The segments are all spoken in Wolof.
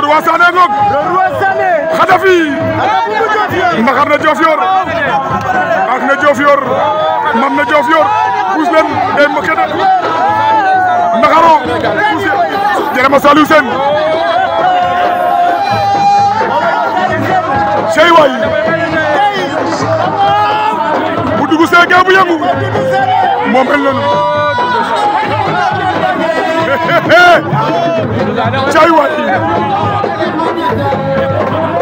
le roi Sané ngoog. le roi Sané. Khadafi. Mbaxar na Diofior. Ak na Diofior. Mam na Diofior. Pousse leen day ma xet a. Mbaxaro. Pousse Jerema Saliou Sène. Sey waay. bu dugg Sénégal bu yëngu. moo mel noonu. January.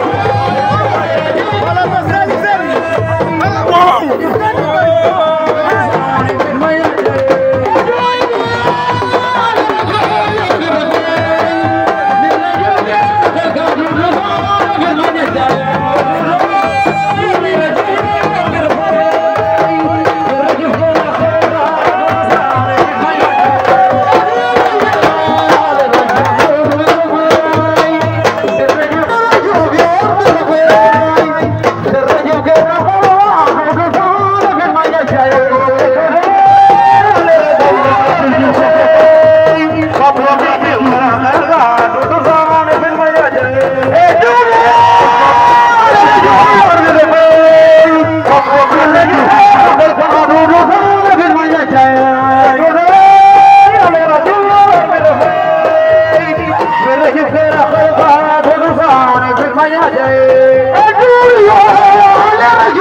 ridder турyyest 비 ��作��yy Emdiya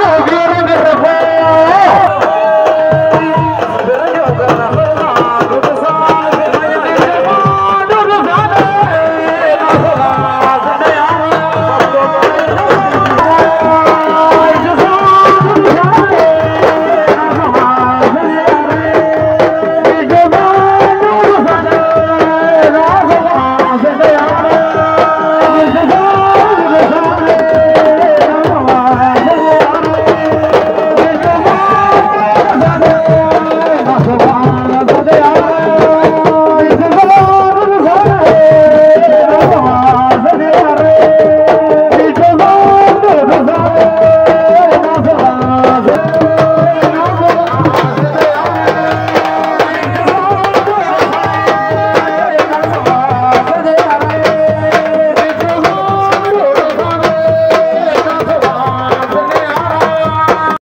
Hotfzz! Wrkszlorik, owxerim karriereundan an uh